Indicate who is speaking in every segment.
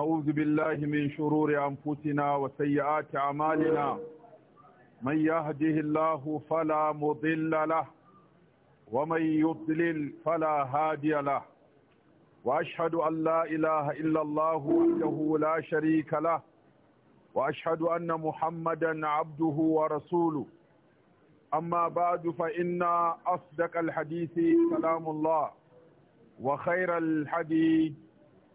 Speaker 1: أعوذ بالله من شرور أنفسنا وسيئات أعمالنا من يهده الله فلا مضل له ومن يضلل فلا هادي له وأشهد أن لا إله إلا الله وحده لا شريك له وأشهد أن محمدا عبده ورسوله أما بعد فإن أصدق الحديث كلام الله وخير الحديث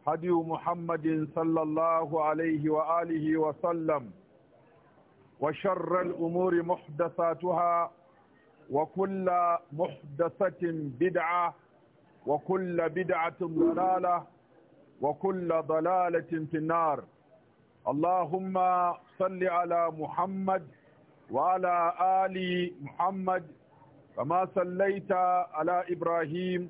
Speaker 1: هدي محمد صلى الله عليه وآله وسلم وشر الأمور محدثاتها وكل محدثة بدعة وكل بدعة ضلالة وكل ضلالة في النار اللهم صل على محمد وعلى آل محمد كما صليت على إبراهيم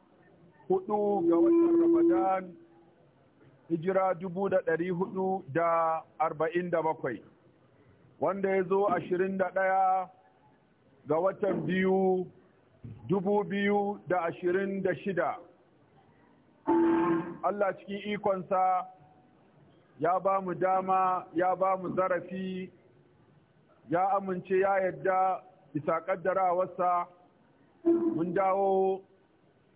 Speaker 1: hudu ga watan Ramadan hijira dubu da ɗari hudu da arba'in da bakwai wanda ya zo ashirin da ɗaya ga watan biyu dubu biyu da ashirin da shida Allah cikin ikonsa ya ba mu dama ya ba mu zarafi ya amince ya yadda bisa ƙaddarawarsa mun dawo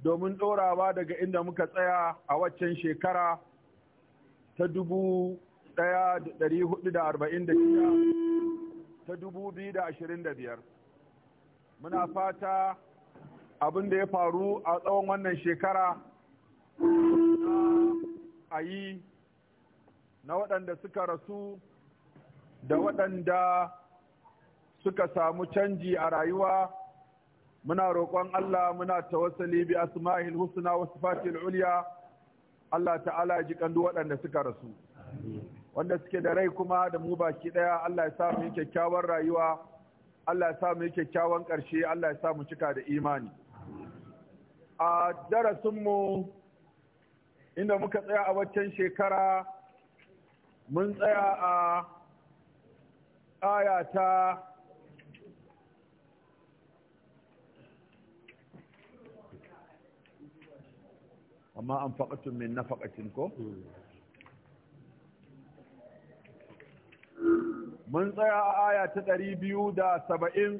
Speaker 1: domin ɗorawa daga inda muka tsaya a waccan shekara ta dubu ɗaya da ɗari hudu da arba'in da shida ta dubu biyu da ashirin da biyar muna fata abin da ya faru a tsawon wannan shekara a yi na waɗanda suka rasu da waɗanda suka samu canji a rayuwa muna roƙon Allah muna tawassali bi asma'il husna Wasu sifatil ulya Allah ta'ala ji kandu waɗanda suka rasu wanda suke da rai kuma da mu baki ɗaya Allah ya sa mu kyakkyawan rayuwa Allah ya sa mu kyakkyawan ƙarshe Allah ya sa mu cika da imani a darasin mu inda muka tsaya a waccan shekara mun tsaya a aya ta وما أنفقتم من نفقتكم من ضياء آية تتريبيو دا سبعين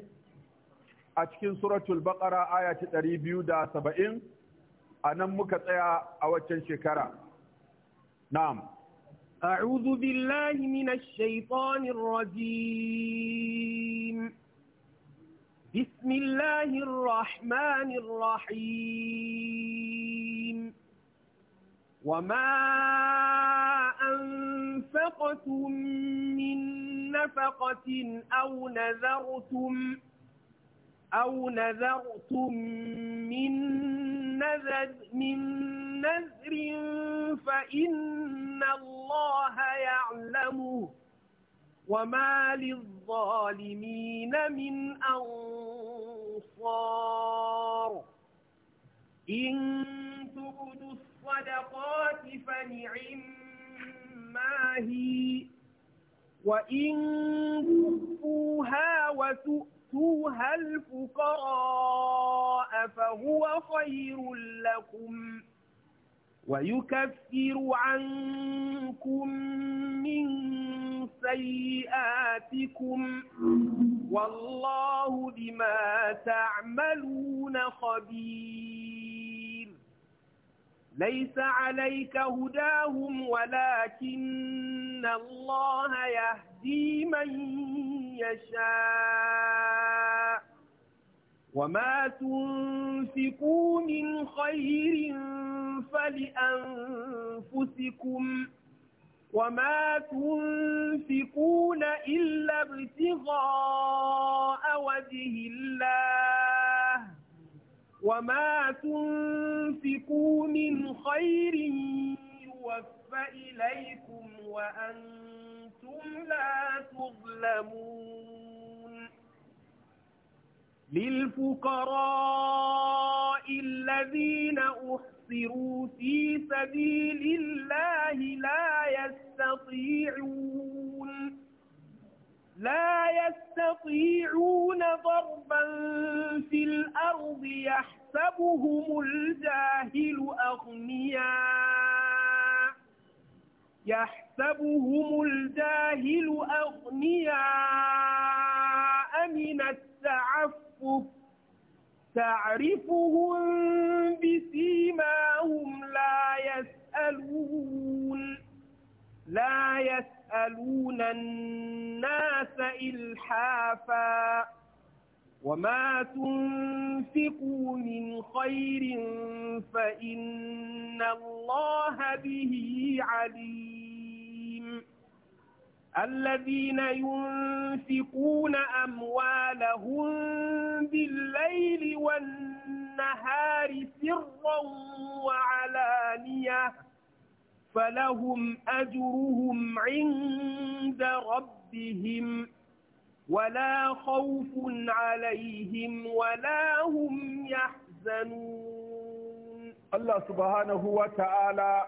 Speaker 1: أتكين سورة البقرة آية تتريبيو دا سبعين أنمك ضياء أوتشن شكرا نعم
Speaker 2: أعوذ بالله من الشيطان الرجيم بسم الله الرحمن الرحيم وما أنفقتم من نفقة أو نذرتم أو نذرتم من نذر من نذر فإن الله يعلمه وما للظالمين من أنصار إن تبدوا الصدقات فنعما هي وإن تخفوها وتؤتوها الفقراء فهو خير لكم ويكفر عنكم من سيئاتكم والله بما تعملون خبير ليس عليك هداهم ولكن الله يهدي من يشاء وما تنفقوا من خير فلأنفسكم وما تنفقون إلا ابتغاء وجه الله وما تنفقوا من خير يوفى إليكم وأنتم لا تظلمون للفقراء الذين أحصروا في سبيل الله لا يستطيعون لا يستطيعون ضربا في الأرض يحسبهم الجاهل أغنياء يحسبهم الجاهل أغنياء من التعفف تعرفهم بسيماهم لا يسألون لا يسألون تسألون الناس إلحافا وما تنفقوا من خير فإن الله به عليم الذين ينفقون أموالهم بالليل والنهار سرا وعلانيةً فلهم أجرهم عند ربهم ولا خوف عليهم ولا هم
Speaker 1: يحزنون الله سبحانه وتعالى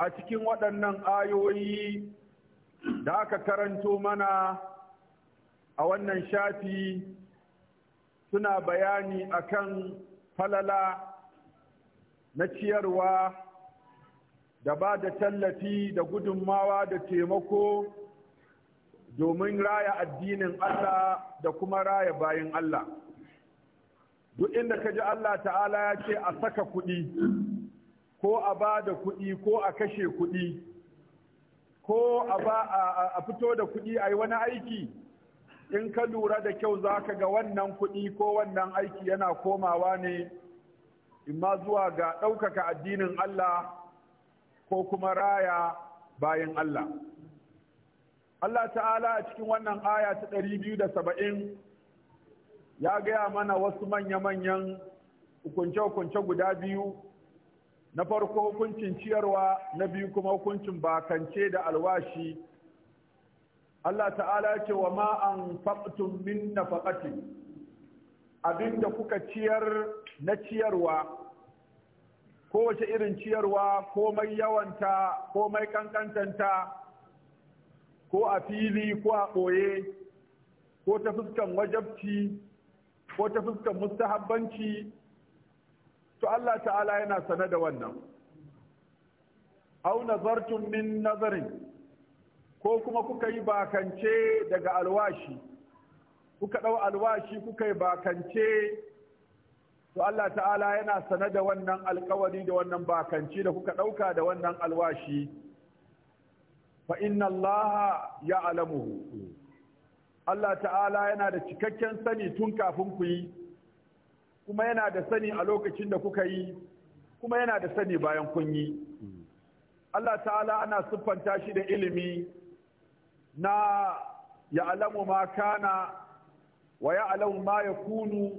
Speaker 1: a cikin waɗannan ayoyi da aka karanto mana a wannan shafi suna bayani akan falala na ciyarwa da ba da tallafi da gudunmawa da taimako domin raya addinin Allah da kuma raya bayan Allah. Duk inda ka ji Allah ta'ala ya ce a saka kuɗi, ko a ba da kuɗi, ko a kashe kuɗi, ko a, ba, a, fito da kuɗi a yi wani aiki, in ka lura da kyau za ka ga wannan kuɗi ko wannan aiki yana komawa ne, imma zuwa ga ɗaukaka addinin Allah. ko kuma raya bayan Allah Allah ta'ala a cikin wannan aya ta ɗari biyu da saba'in ya gaya mana wasu manya-manyan hukunce-hukunce guda biyu na farko hukuncin ciyarwa na biyu kuma hukuncin bakance da alwashi Allah ta'ala ce wa ma'an faɓtun min na faƙatin abinda kuka ciyar na ciyarwa kowace irin ciyarwa ko mai yawanta ko mai kankantanta ko a fili ko a ɓoye ko ta fuskan wajabci ko ta fuskan mustahabbanci to Allah ta'ala yana sane da wannan au nazartum min nazarin ko kuma kuka yi bakance daga alwashi kuka ɗau alwashi kuka yi bakance to Allah ta'ala yana sane da wannan alkawari da wannan bakanci da kuka ɗauka da wannan alwashi fa inna Allah ya Allah ta'ala yana da cikakken sani tun kafin ku yi kuma yana da sani a lokacin da kuka yi kuma yana da sani bayan kun yi Allah ta'ala ana siffanta shi da ilimi na ya alamu ma kana wa ya alamu ma ya kunu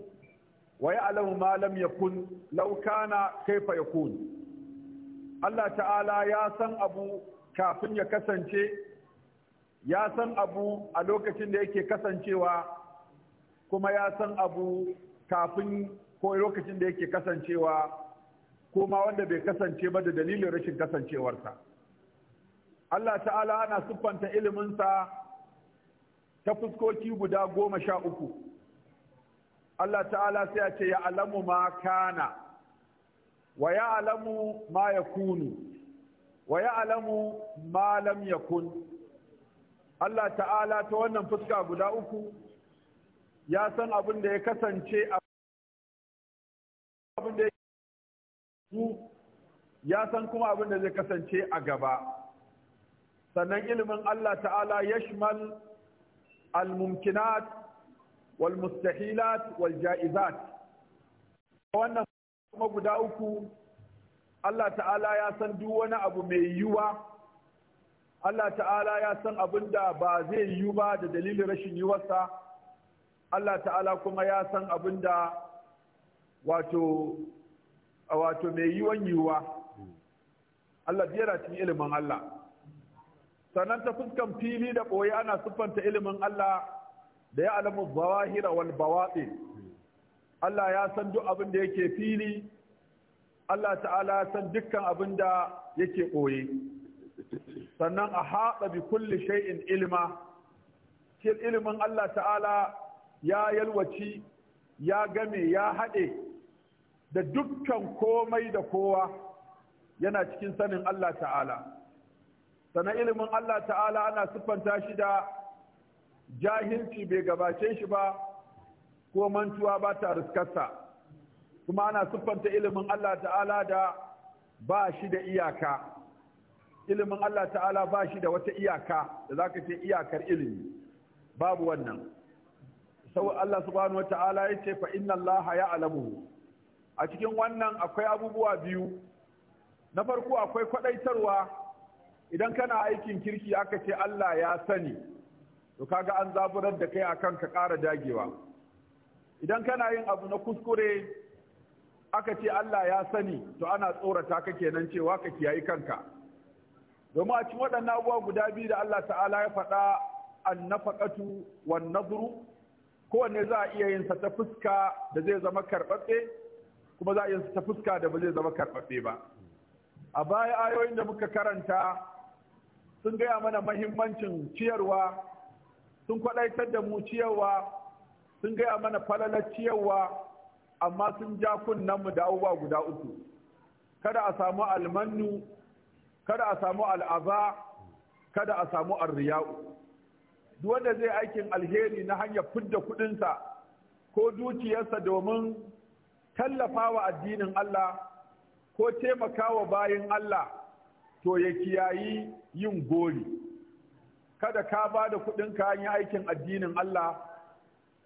Speaker 1: wa alamu ma lam yakun law kana kaifa yakun Allah ta'ala ya san abu kafin ya kasance ya san abu a lokacin da yake kasancewa kuma ya san abu kafin ko lokacin da yake kasancewa ma wanda bai kasance ba da dalilin rashin kasancewarsa Allah ta'ala ana siffanta iliminsa ta fuskoki guda goma sha uku Allah ta'ala sai ya ce ya alamu ma kana wa ya alamu ma ya wa ya alamu ma lam ya Allah ta'ala ta wannan fuska guda uku ya san abin da ya kasance abin da ya san kuma abin da zai kasance a gaba sannan ilimin Allah ta'ala ya shimal al-mumkinat wal mustahilat wal ja'izat wannan kuma guda uku Allah ta'ala ya san duk wani abu mai yiwuwa Allah ta'ala ya san abin da ba zai yiwu ba da dalilin rashin yiwarsa Allah ta'ala kuma ya san abin da wato wato mai yiwon yiwuwa Allah biyar cikin ilimin Allah sannan ta fuskan fili da ɓoye ana siffanta ilimin Allah da ya alamu zawahira wal bawaɗe Allah ya san duk abin da yake fili Allah ta'ala ya san dukkan abin da yake ɓoye sannan a haɗa bi kulli shay'in ilma cikin ilimin Allah ta'ala ya yalwaci ya game ya haɗe da dukkan komai da kowa yana cikin sanin Allah ta'ala sannan ilimin Allah ta'ala ana siffanta shi da jahilci bai gabace shi ba ko mantuwa ba ta riskarsa kuma ana siffanta ilimin Allah ta'ala da ba shi da iyaka ilimin Allah ta'ala ba shi da wata iyaka da za ka ce iyakar ilimi babu wannan sau Allah subhanahu wa ta'ala ya ce fa'in Allah ya alamu a cikin wannan akwai abubuwa biyu na farko akwai kwadaitarwa idan kana aikin kirki aka ce Allah ya sani to kaga an zaburar da kai akan ka ƙara dagewa idan kana yin abu na kuskure aka ce Allah ya sani to ana tsorata ka kenan cewa ka kiyayi kanka domin a cikin waɗannan abubuwa guda biyu da Allah ta'ala ya faɗa annafaqatu wan nadru kowanne za a iya yin sa ta fuska da zai zama karɓaɓɓe kuma za a yin sa ta fuska da ba zai zama karɓaɓɓe ba a baya ayoyin da muka karanta sun gaya mana mahimmancin ciyarwa sun kwaɗaitar da mu ciyarwa sun gaya mana falalar ciyarwa amma sun ja mu da abubuwa guda uku kada a samu almannu kada a samu al'aza kada a samu arriya'u duk wanda zai aikin alheri na hanyar fidda kudinsa ko dukiyarsa domin tallafawa addinin Allah ko taimakawa bayin Allah to ya kiyayi yin gori kada ka ba da kuɗin kayan aikin addinin Allah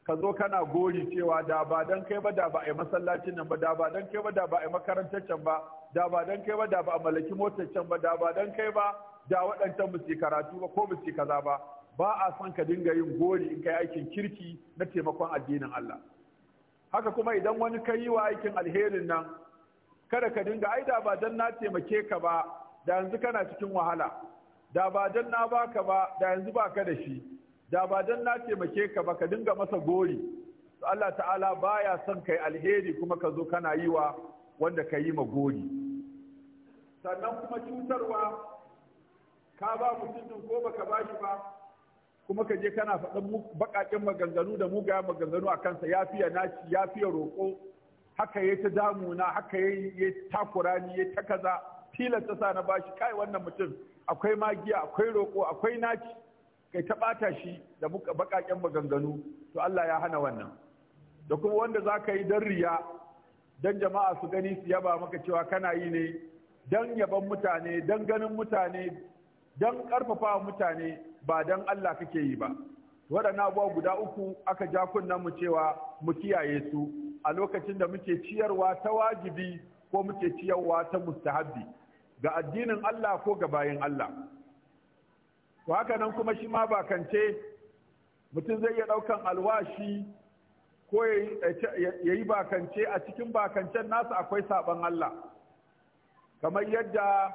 Speaker 1: ka zo kana gori cewa da ba dan kai ba da ba a yi masallacin nan ba da ba dan kai ba da ba a yi makarantar can ba da ba dan kai ba da ba a mallaki motar can ba da ba dan kai ba da waɗancan ba su karatu ba ko ba su kaza ba ba a son ka dinga yin gori in kai aikin kirki na taimakon addinin Allah haka kuma idan wani ka yi wa aikin alherin nan kada ka dinga ai da ba dan na taimake ka ba da yanzu kana cikin wahala da ba don na baka ba da yanzu ka da shi da ba don na taimake ka ba ka dinga masa gori To Allah ta'ala baya son kai alheri kuma ka zo kana yi wa wanda ka yi ma gori sannan kuma cutarwa ka ba mutum ko baka ba shi ba kuma ka je kana faɗin baƙaƙen maganganu da mugayen maganganu a kansa ya fiye naci ya fiye roƙo haka ya ta damuna haka ya takura ni ya ta kaza tilasta sa na bashi kai wannan mutum akwai magiya akwai roƙo akwai naci kai ta ɓata shi da baƙaƙen maganganu to Allah ya hana wannan da kuma wanda za ka yi don riya don jama'a su gani su yaba maka cewa kana yi ne don yaban mutane don ganin mutane don ƙarfafa mutane ba don Allah kake yi ba waɗannan bawa guda uku aka ja kunnen mu cewa mu kiyaye su a lokacin da muke ciyarwa ta wajibi ko muke ciyarwa ta mustahabbi ga addinin Allah ko ga bayin Allah to haka nan kuma shi ma kance mutum zai iya ɗaukan alwashi ko ya yi bakance a cikin bakancen nasa akwai saɓon Allah kamar yadda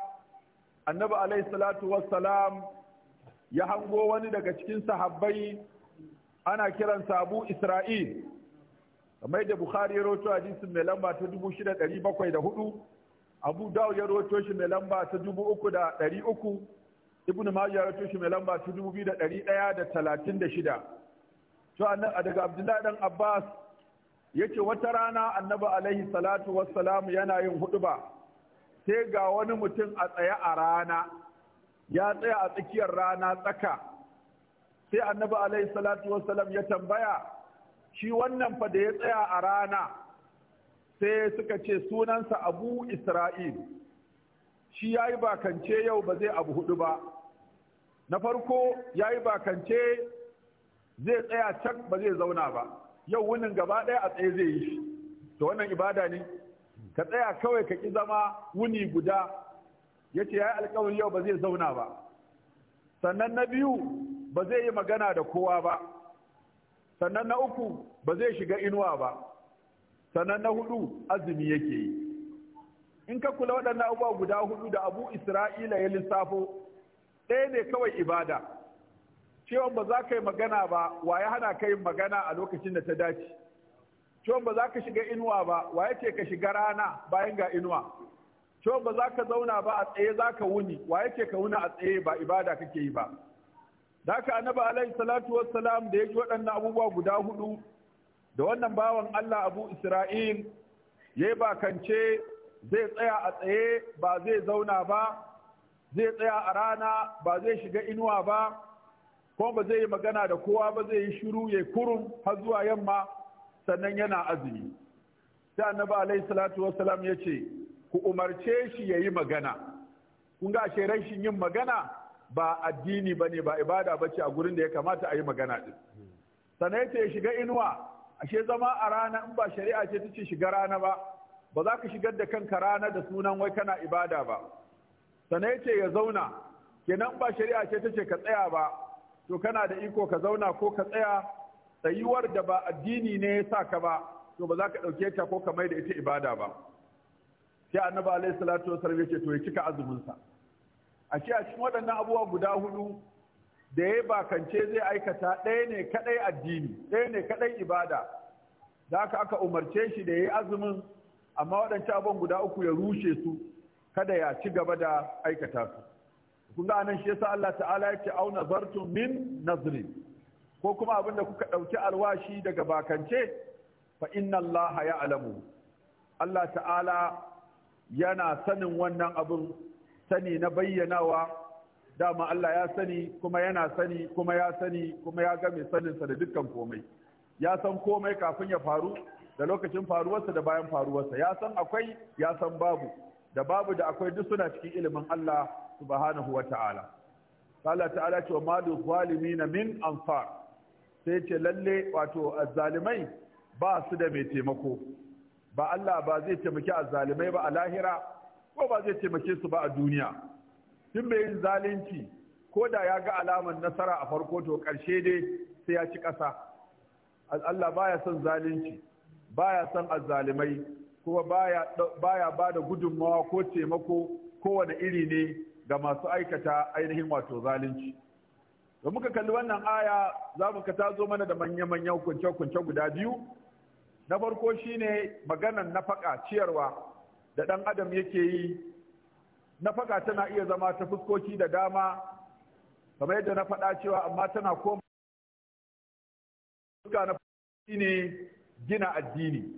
Speaker 1: annabi alaihi salatu wassalam ya hango wani daga cikin sahabbai ana kiran sabu isra'il kamar yadda bukhari ya rawaito hadisin mai lamba ta da 6704 abu dawo ya rawato shi mai lamba ta dubu uku da ɗari uku ibnu majah ya rawato shi mai lamba ta dubu biyu da ɗari ɗaya da talatin da shida to annan daga abdullahi dan abbas ya ce wata rana annabi alaihi salatu wassalamu yana yin ba. sai ga wani mutum a tsaye a rana ya tsaya a tsakiyar rana tsaka sai annabi alaihi salatu wassalam ya tambaya shi wannan fa da ya tsaya a rana sai suka ce sunansa abu isra'il shi ya yi bakance yau ba zai abu hudu ba na farko ya yi bakance zai tsaya can ba zai zauna ba yau wunin gaba ɗaya a tsaye zai yi shi to wannan ibada ne ka tsaya kawai ka ki zama wuni guda ya ce ya yi alkawarin yau ba zai zauna ba sannan na biyu ba zai yi magana da kowa ba sannan na uku ba zai shiga inuwa ba sannan na hudu azumi yake yi in ka kula waɗannan abubuwa guda hudu da abu isra'ila ya lissafo ɗaya ne kawai ibada cewa ba za ka yi magana ba wa ya hana ka yin magana a lokacin da ta dace cewa ba za ka shiga inuwa ba wa ya ce ka shiga rana bayan ga inuwa cewa ba za ka zauna ba a tsaye za ka wuni wa ya ce ka wuni a tsaye ba ibada kake yi ba da haka annabi alaihi salatu wassalam da ya ji waɗannan abubuwa guda hudu da wannan bawan Allah Abu Isra'il ya yi bakance zai tsaya a tsaye ba zai zauna ba zai tsaya a rana ba zai shiga inuwa ba ko ba zai yi magana da kowa ba zai yi shiru ya kurum har zuwa yamma sannan yana azumi sai annabi alaihi salatu wassalam ya ce ku umarce shi ya yi magana kun ga ashe rashin yin magana ba addini ba ne ba ibada ba ce a gurin da ya kamata a yi magana din sannan ya ce ya shiga inuwa ashe zama a rana in ba shari'a ce ta ce shiga rana ba ba za ka shigar da kanka rana da sunan wai kana ibada ba sannan ce ya zauna kenan ba shari'a ce ta ce ka tsaya ba to kana da iko ka zauna ko ka tsaya tsayuwar da ba addini ne ya sa ka ba to ba za ka ɗauke ta ko ka mai da ita ibada ba sai annabi alaihi salatu wasallam ce to ya cika azumin sa ashe a cikin waɗannan abubuwa guda hudu da ya bakance zai aikata ɗaya ne kaɗai addini ɗaya ne kaɗai ibada da aka aka umarce shi da ya yi azumin amma waɗancan abin guda uku ya rushe su kada ya ci gaba da aikata su kun ga anan shi yasa Allah ta'ala ya ce auna zartum min nazri ko kuma abin da kuka ɗauki alwashi daga bakance fa inna Allah ya alamu Allah ta'ala yana sanin wannan abin sani na bayyanawa dama Allah ya sani kuma yana sani kuma ya sani kuma ya ga mai saninsa da dukkan komai ya san komai kafin ya faru da lokacin faruwarsa da bayan faruwarsa ya san akwai ya san babu da babu da akwai duk suna cikin ilimin Allah subhanahu wa ta'ala Allah ta'ala ce wa madu zalimin min anfar sai ce lalle wato azzalimai ba su da mai taimako ba Allah ba zai taimaki azzalimai ba a lahira ko ba zai taimake su ba a duniya duk bai yin zalunci ko da ya ga alamar nasara a farko to ƙarshe dai sai ya ci ƙasa Allah baya son zalunci baya son azzalimai kuma baya baya bada gudunmawa ko taimako kowane iri ne ga masu aikata ainihin wato zalunci da muka kalli wannan aya za mu ka tazo mana da manya-manyan kunce-kunce guda biyu na farko shine maganan nafaka ciyarwa da ɗan adam yake yi nafaka tana iya zama ta fuskoki da dama kamar yadda na faɗa cewa amma tana koma fuska na ne gina addini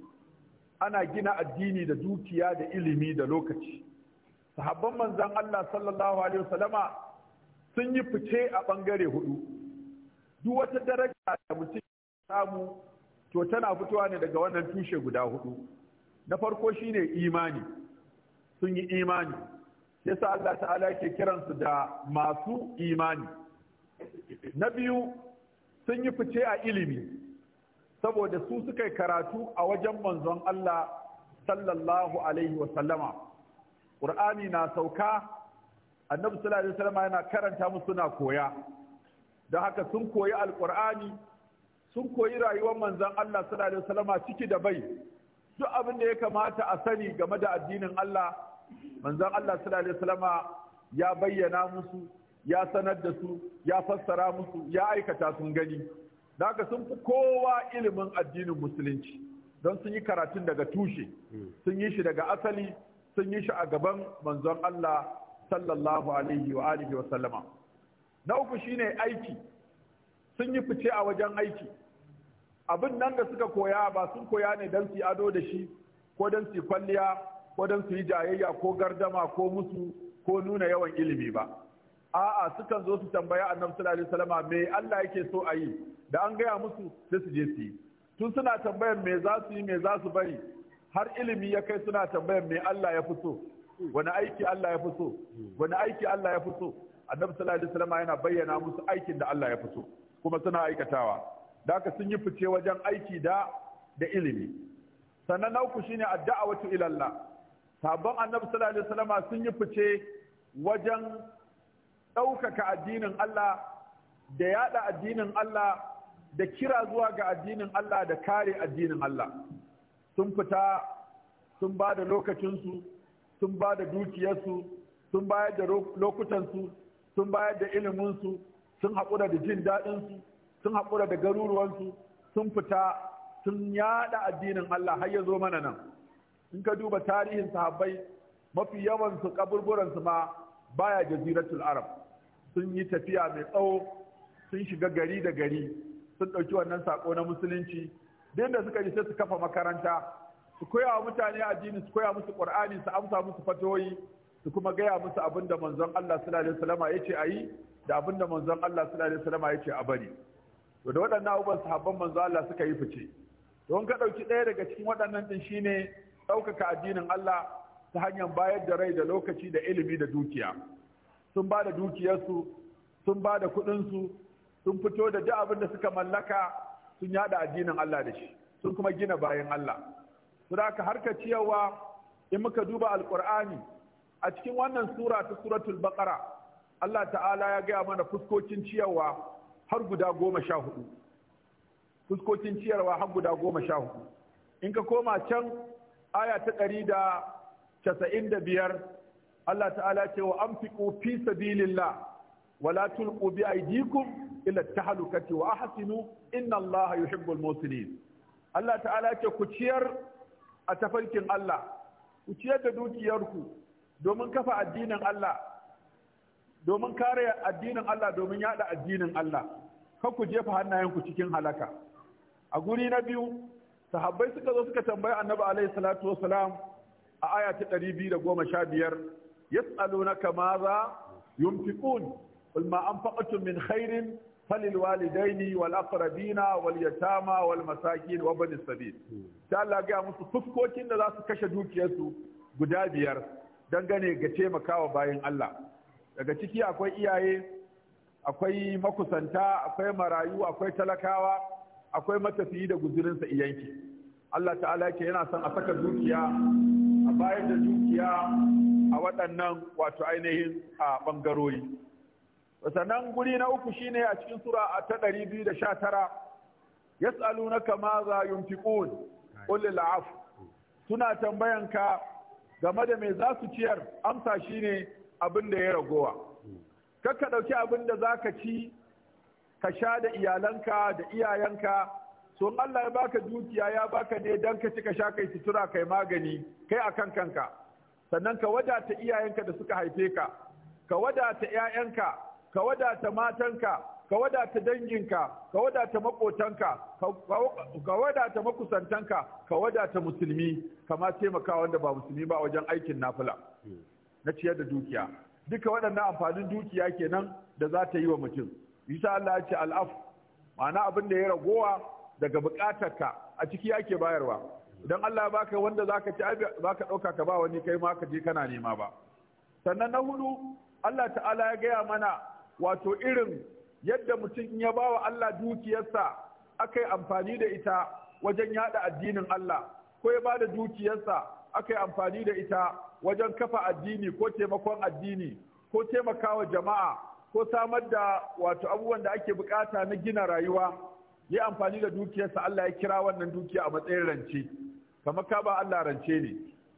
Speaker 1: ana gina addini da dukiya da ilimi da lokaci sahabban manzan Allah sallallahu alaihi wasallama sun yi fice a ɓangare hudu duk wata daraja da mutum samu to tana fitowa ne daga wannan tushe guda hudu na farko shine imani sun yi imani yasa Allah ta'ala yake kiransu da masu imani na biyu sun yi fice a ilimi saboda su suka yi karatu a wajen manzon Allah sallallahu alaihi wa sallama Qur'ani na sauka annabi sallallahu alaihi wasallama yana karanta musu suna koya don haka sun koyi alqur'ani sun koyi rayuwar manzon Allah sallallahu alaihi wasallama ciki da bai duk abin da ya kamata a sani game da addinin Allah manzon Allah sallallahu alaihi wasallama ya bayyana musu ya sanar da su ya fassara musu ya aikata sun gani daga sun fi kowa ilimin addinin musulunci don sun yi karatun daga tushe sun yi shi daga asali sun yi shi a gaban manzon Allah sallallahu alaihi wa alihi wa na uku shine aiki sun yi fice a wajen aiki abin nan da suka koya ba sun koya ne don su ado da shi ko don su kwalliya ko don su yi jayayya ko gardama ko musu ko nuna yawan ilimi ba a'a sukan zo su tambaya annabi sallallahu alaihi wasallam me Allah yake so a yi da an gaya musu sai su je su yi tun suna tambayar me za su yi me za su bari har ilimi ya kai suna tambayar me Allah ya fi so wani aiki Allah ya fi so wani aiki Allah ya fi so annabi sallallahu alaihi wasallam yana bayyana musu aikin da Allah ya fi so kuma suna aikatawa da haka sun yi fice wajen aiki da da ilimi sannan nauku shine addu'a ila ilallah sabon annabi sallallahu alaihi wasallam sun yi fice wajen ɗaukaka addinin Allah da yada addinin Allah da kira zuwa ga addinin Allah da kare addinin Allah sun fita sun ba da lokacinsu sun ba da dukiyarsu sun bayar da lokutansu sun bayar da iliminsu sun haƙura da jin daɗinsu sun haƙura da garuruwansu sun fita sun yada addinin Allah har ya zo mana nan in ka duba tarihin sahabbai mafi yawan su kaburburan su ma baya jaziratul arab sun yi tafiya mai tsawo sun shiga gari da gari sun ɗauki wannan sako na musulunci Din da suka ji sai su kafa makaranta su koya wa mutane addini su koya musu qur'ani su amsa musu fatoyi su kuma gaya musu abinda da manzon Allah sallallahu alaihi wasallam yace ayi da abin da manzon Allah sallallahu alaihi wasallam yace a bari to da waɗannan abubuwan sahabban manzon Allah suka yi fice to in ka ɗauki ɗaya daga cikin waɗannan din shine ɗaukaka addinin Allah ta hanyar bayar da rai da lokaci da ilimi da dukiya sun ba da dukiyarsu sun ba da kuɗinsu sun fito da duk abin da suka mallaka sun yada addinin Allah da shi sun kuma gina bayan Allah suna ka harka ciyarwa in muka duba alkur'ani a cikin wannan sura ta suratul baqara Allah ta'ala ya gaya mana fuskokin ciyarwa har guda goma sha hudu fuskokin ciyarwa har guda goma sha hudu in ka koma can aya ta ɗari da casa'in da biyar Allah ta'ala ce wa an fiƙo fi sabilillah wala tulqu bi aydikum ila tahlukati wa ahsinu inna Allah yuhibbul muhsinin Allah ta'ala ce ku ciyar a tafarkin Allah ku ciyar da dukiyarku domin kafa addinin Allah domin kare addinin Allah domin yada addinin Allah kar ku jefa hannayenku cikin halaka a guri na biyu sahabbai suka zo suka tambayi annabi alaihi salatu salam a aya ta 215 kama maza yunfiqun qul ma anfaqtu min khairin falilwalidaini wal aqrabina wal yatama wal masakin wa bani sabil ta Allah ga musu fuskokin da za su kashe dukiyarsu guda biyar dangane ga taimakawa bayan Allah daga ciki akwai iyaye akwai makusanta akwai marayu akwai talakawa akwai matafiyi da guzurinsa iyanki Allah ta'ala ke yana son a saka dukiya a bayar da dukiya a waɗannan wato ainihin a ɓangarori sannan guri na uku shine a cikin sura ta 219 yas'alunaka ma za yunfiqun qul lil suna ka game da me za su ciyar amsa shine abin da ya ragowa kakka ɗauki abin da zaka ci ka sha da iyalanka da iyayenka so Allah ya baka dukiya ya baka ne dan ka ci ka sha kai sutura kai magani kai akan kanka sannan ka wadata iyayenka da suka haife ka ka wadata ƴaƴanka ka wadata matanka ka wadata danginka ka wadata makotanka ka wadata makusantanka ka wadata musulmi kama taimaka wanda ba musulmi ba wajen aikin nafila hmm. na ciyar da dukiya duka waɗannan amfanin dukiya kenan da za ta yi wa mutum isa Allah ya ce al'af ma'ana abin da ya ragowa daga ka a ciki ake bayarwa idan Allah ya baka wanda zaka ci zaka dauka ka ba wani kai ma ka je kana nema ba sannan na hudu Allah ta'ala ya gaya mana wato irin yadda mutum ya bawa Allah dukiyarsa aka yi amfani da ita wajen yada addinin Allah ko ya bada dukiyarsa aka yi amfani da ita wajen kafa addini ko taimakon addini ko taimakawa jama'a ko samar da wato abubuwan da ake bukata na gina rayuwa ya amfani da dukiyarsa Allah ya kira wannan dukiya a matsayin rance kamar ka ba Allah rance ne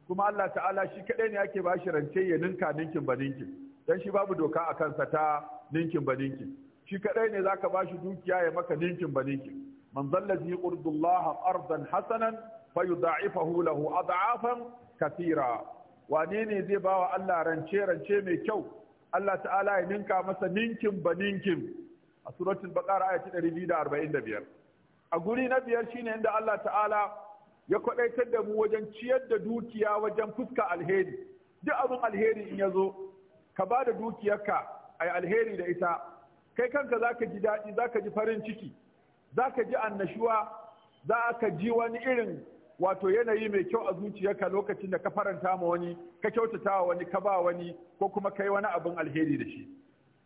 Speaker 1: kuma Allah ta'ala shi kadai ne ake bashi rance ya ninka ninkin ba ninkin dan shi babu doka a kansa ta ninkin ba ninkin shi kadai ne zaka bashi dukiya ya maka ninkin ba ninkin man zallazi urdullaha ardan hasanan fayudha'ifahu lahu ad'afan kathira wane ne zai bawa Allah rance rance mai kyau Allah ta'ala ya ninka masa ninkin ba ninkin a suratul baqara ayati 245 a guri na biyar shine inda Allah ta'ala ya kwadaitar da mu wajen ciyar da dukiya wajen fuska alheri duk abin alheri in ya zo ka ba da dukiyarka ai alheri da ita kai kanka zaka ji daɗi zaka ji farin ciki zaka ji annashuwa za ka ji wani irin wato yanayi mai kyau a ka lokacin da ka faranta ma wani ka kyautata wa wani ka ba wani ko kuma kai wani abin alheri da shi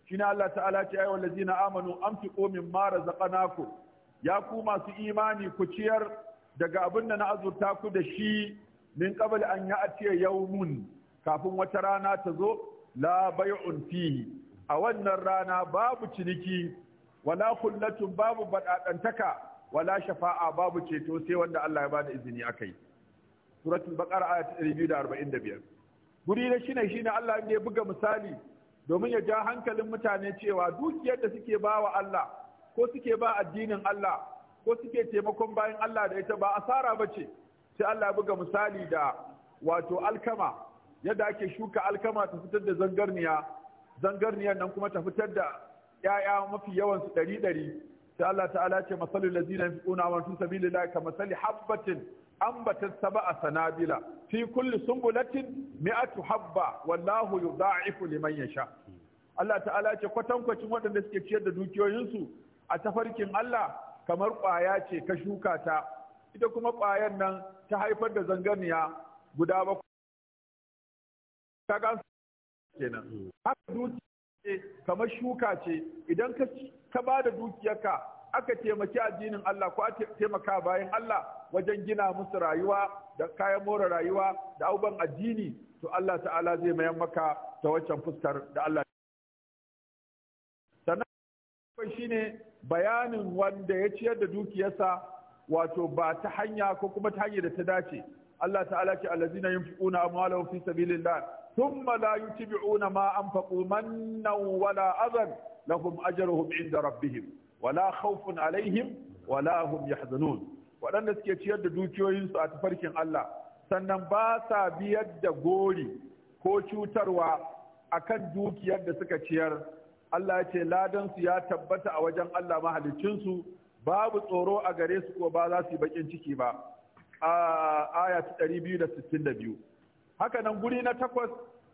Speaker 1: shine Allah ta'ala ce ayyuhal ladzina amanu anfiqu mimma razaqnakum ya ku masu imani ku ciyar daga abin da na azurta ku da shi min qabl an ya'tiya yawmun kafin wata rana ta zo la bay'un fihi a wannan rana babu ciniki wala kullatun babu badadantaka wala shafa'a babu ceto sai wanda Allah ya bada izini akai suratul baqara ayat 245 guri ne shine shine Allah inda ya buga misali domin ya ja hankalin mutane cewa dukiyar da suke ba wa Allah ko suke ba addinin Allah ko suke taimakon bayan Allah da ita ba asara bace sai Allah ya buga misali da wato alkama yadda ake shuka alkama ta fitar da zangarniya zangarniyar nan kuma ta fitar da 'ya'ya mafi yawan su dari. sai Allah ta'ala ce masalul ladina yunfiquna wa fi sabilillahi masali habbatin ambatat sab'a sanabila fi kulli sumbulatin mi'atu habba wallahu yudha'ifu liman yasha Allah ta'ala ce kwatankwacin waɗanda suke ciyar da dukiyoyin su a tafarkin Allah kamar ƙwaya ce ka shuka ta ita kuma ƙwayan nan ta haifar da zanganiya guda bakwai kaga kenan hmm. haka dukiya ce kamar shuka ce idan ka ka ba da dukiyarka aka taimaki addinin Allah ko taimaka bayan Allah wajen gina musu rayuwa da kayan more rayuwa da auban addini to Allah ta'ala zai mayan maka ta waccan fuskar da Allah sannan ne bayanin wanda ya ciyar da dukiyarsa wato ba ta hanya ko kuma ta hanyar da ta dace Allah ta'ala ce allazina yunfiquna amwalahum fi sabilillah thumma la yutbi'una ma anfaqu mannan wala adhan lahum ajruhum inda rabbihim wala khawfun alaihim wala hum yahzanun waɗanda suke ciyar da dukiyoyinsu a tafarkin Allah sannan ba sa biyar da gori ko cutarwa akan dukiyar da suka ciyar Allah ya ce ladansu ya tabbata a wajen Allah mahalicinsu babu tsoro a gare su ko ba za su yi bakin ciki ba a aya ta 262 haka nan guri na takwas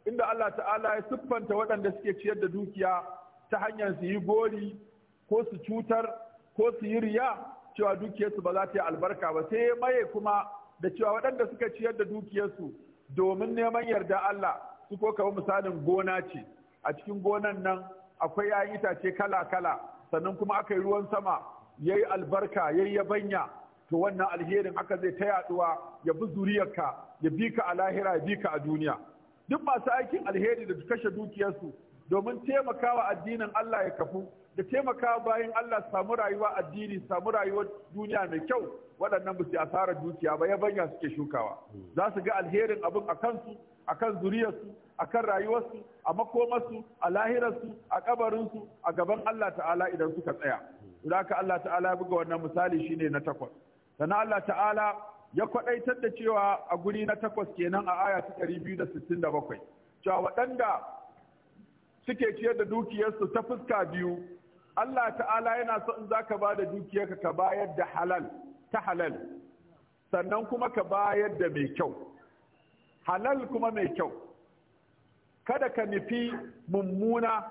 Speaker 1: inda Allah ta'ala ya siffanta waɗanda suke ciyar da dukiya ta hanyar su yi gori ko su cutar ko su yi riya cewa dukiyarsu ba za ta yi albarka ba sai maye kuma da cewa waɗanda suka ciyar da dukiyarsu domin neman yarda Allah su ko kama misalin gona ce a cikin gonan nan akwai yayin itace kala-kala sannan kuma aka yi ruwan sama ya yi albarka ya yi yabanya to wannan alherin aka zai ta yaduwa ya bi zuriyarka ya bi ka a lahira ya bi ka a duniya duk masu aikin alheri da kashe dukiyarsu domin taimakawa addinin Allah ya kafu da taimakawa bayan Allah samu rayuwa addini samu rayuwar duniya mai kyau waɗannan ba su asarar dukiya ba ya banya suke shukawa za su ga alherin abin a kansu a kan zuriyarsu a kan rayuwarsu a makomarsu a lahirarsu a kabarinsu a gaban Allah ta'ala idan suka tsaya. Idan Allah ta'ala ya buga wannan misali shine na takwas. Sannan Allah ta'ala ya kwadaitar da cewa a guri na takwas kenan a aya ta 267 cewa waɗanda suke ciyar da dukiyarsu ta fuska biyu Allah ta'ala yana so in zaka ba da dukiyarka ka bayar da halal ta halal sannan kuma ka bayar da mai kyau halal kuma mai kyau kada ka nufi mummuna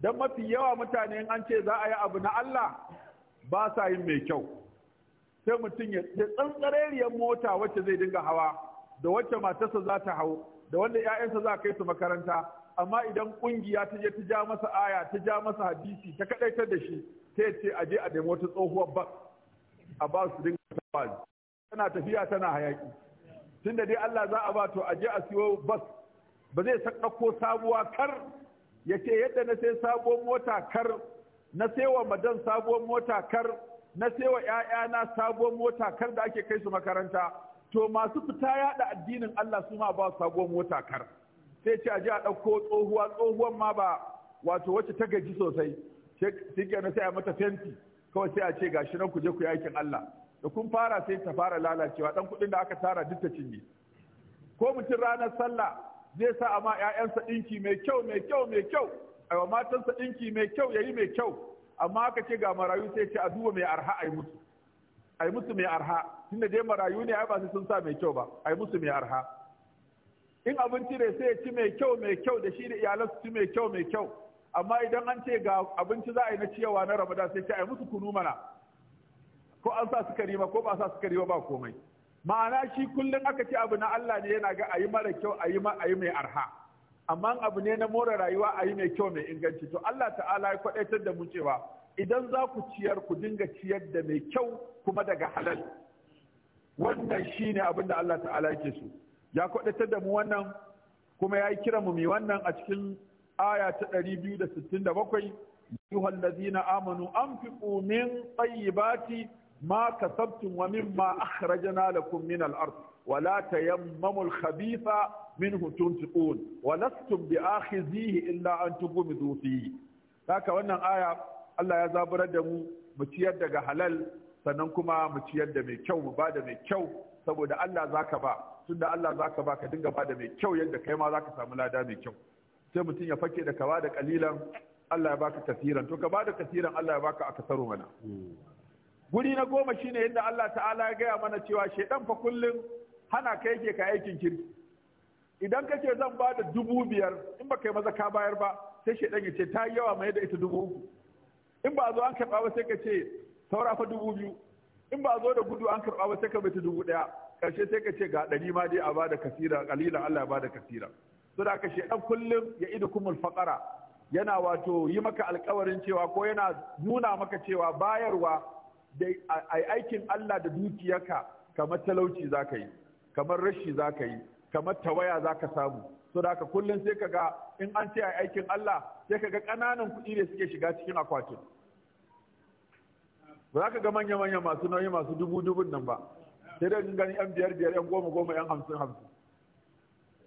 Speaker 1: don mafi yawa mutane an ce za a yi abu na Allah ba sa yin mai kyau sai mutum ya tsantsarariyar mota wacce zai dinga hawa da wacce matarsa za ta hau da wanda 'ya'yansa za kai su makaranta amma idan kungiya ta je ta ja masa aya ta ja masa hadisi ta kadaitar da shi ta ce a a nemi wata tsohuwar bas a ba su dinga tawazi tana tafiya tana hayaki da dai Allah za a ba to aje a siyo bas ba zai sakako sabuwa kar ya ce yadda na sai sabuwar mota kar na sai wa madan sabuwar mota kar na sewa ‘ya'yana sabuwar mota kar da ake kai su makaranta to masu fita yada addinin Allah su ma ba sabuwar mota kar sai ce a ji a ɗauko tsohuwa tsohuwan ma ba wato wacce ta gaji sosai shi na sai a mata fenti kawai sai a ce gashi nan ku je ku yakin Allah da kun fara sai ta fara lalacewa ɗan kuɗin da aka tara duk ta cinye ko mutum ranar sallah zai sa a ma 'ya'yansa ɗinki mai kyau mai kyau mai kyau a matansa ɗinki mai kyau yayi mai kyau amma aka ce ga marayu sai ce a duba mai arha ai musu ai musu mai arha tun da dai marayu ne ai ba su sun sa mai kyau ba ai musu mai arha in abinci ne sai ya ci mai kyau mai kyau da shi da iyalansu ci mai kyau mai kyau amma idan an ce ga abinci za a yi na ciyawa na ramada sai ce ai musu kunu mana ko an sa sukari ba ko ba sa sukari ba ba komai ma'ana shi kullum aka ce abu na Allah ne yana ga ayi mara kyau ayi ma ayi mai arha amma abu ne na more rayuwa a yi mai kyau mai inganci to Allah ta'ala ya kwadaitar da mu cewa idan za ku ciyar ku dinga ciyar da mai kyau kuma daga halal wannan shine abin da Allah ta'ala yake so ya kwadaitar da mu wannan kuma ya yi kira mu mai wannan a cikin aya ta 267 yuhal ladina amanu anfiqu min tayyibati ma kasabtum wa mimma akhrajna lakum min minhu tuntiqun wa lastum bi akhizihi illa an tughmidu fihi haka wannan aya Allah ya zaburar da mu mu ciyar daga halal sannan kuma mu ciyar da mai kyau mu bada mai kyau saboda Allah zaka ba tunda Allah zaka ba ka dinga bada mai kyau yadda kai ma zaka samu lada mai kyau sai mutum ya fake da kawa da kalilan Allah ya baka kasiran to ka bada kasiran Allah ya baka akasaro mana guri na goma shine yadda Allah ta'ala ya gaya mana cewa shedan fa kullum hana ka yake ka aikin kirki idan ka ce zan ba da dubu biyar in ba kai maza ka bayar ba sai shaidan ya ce ta yi yawa mai da ita dubu uku in ba zo an karɓa ba sai ka ce saura dubu biyu in ba zo da gudu an karɓa ba sai ka ta dubu ɗaya ƙarshe sai ka ce ga ɗari ma dai a ba da kasira ƙalilan Allah ya ba da kasira so da aka shaidan kullum ya idu kumul faƙara yana wato yi maka alƙawarin cewa ko yana nuna maka cewa bayarwa da aikin Allah da dukiyarka kamar talauci za ka yi kamar rashi za ka yi kamar tawaya za ka samu so da haka kullum sai ka ga in an ce a aikin Allah sai ka ga ƙananan kuɗi da suke shiga cikin akwatin ba za ka ga manya-manya masu nauyi masu dubu-dubun nan ba sai da gani yan biyar biyar yan goma goma yan hamsin hamsin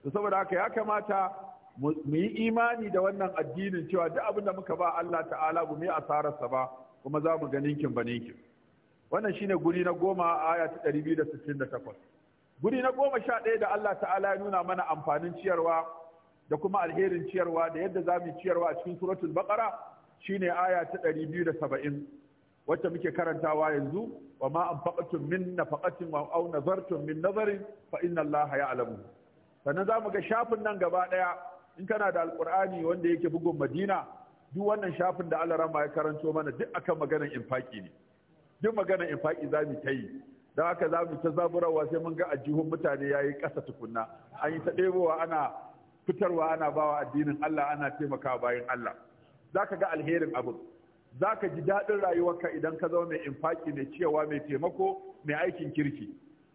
Speaker 1: to saboda haka ya kamata mu yi imani da wannan addinin cewa duk abin da muka ba Allah ta'ala mu yi asararsa ba kuma za mu ganin kin ba ninkin wannan shine guri na goma aya ta 268 guri na goma sha ɗaya da Allah ta'ala ya nuna mana amfanin ciyarwa da kuma alherin ciyarwa da yadda za mu ciyarwa a cikin suratul baqara shine aya ta ɗari biyu da saba'in wacce muke karantawa yanzu wa ma anfaqatum min nafaqatin wa aw nazartum min nazarin fa inna Allah ya'lamu sannan za mu ga shafin nan gaba ɗaya in kana da alqur'ani wanda yake bugun madina duk wannan shafin da Allah rama ya karanto mana duk akan maganar infaki ne duk maganar infaki za mu ta yi don haka za mu ta zaburarwa sai mun ga ajihun mutane ya yi ƙasa tukunna an yi ta ɗebowa ana fitarwa ana bawa addinin Allah ana taimaka bayan Allah za ka ga alherin abin za ka ji daɗin rayuwarka idan ka zama mai infaki mai ciyawa mai taimako mai aikin kirki